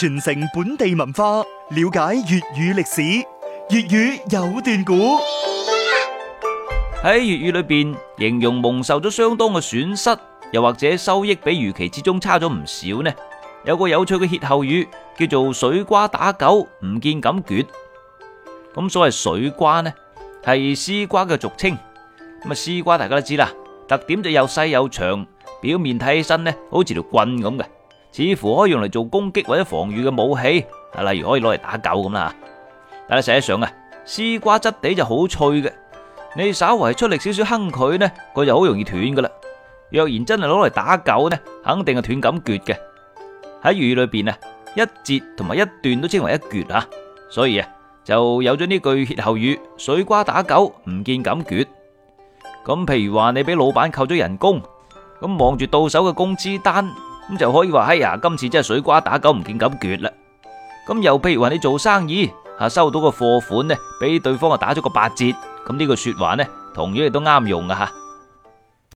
傳承本地文化，了解粵語歷史。粵語有段古喺粵語裏邊，形容蒙受咗相當嘅損失，又或者收益比預期之中差咗唔少呢？有個有趣嘅歇後語叫做“水瓜打狗，唔見咁橛”。咁所謂水瓜呢，係絲瓜嘅俗稱。咁啊，絲瓜大家都知啦，特點就又細又長，表面睇起身呢，好似條棍咁嘅。似乎可以用嚟做攻擊或者防禦嘅武器，啊，例如可以攞嚟打狗咁啦吓，但係實際上啊，「絲瓜質地就好脆嘅，你稍為出力少少鏗佢呢，佢就好容易斷噶啦。若然真係攞嚟打狗呢，肯定係斷咁橛嘅。喺粵語裏邊啊，一節同埋一段都稱為一橛啊，所以啊，就有咗呢句歇後語：水瓜打狗，唔見咁橛。咁譬如話你俾老闆扣咗人工，咁望住到手嘅工資單。咁就可以話，哎呀，今次真係水瓜打狗，唔見咁橛啦。咁又譬如話你做生意，吓、啊、收到個貨款呢，俾對方啊打咗個八折，咁呢個說話呢，同樣亦都啱用噶吓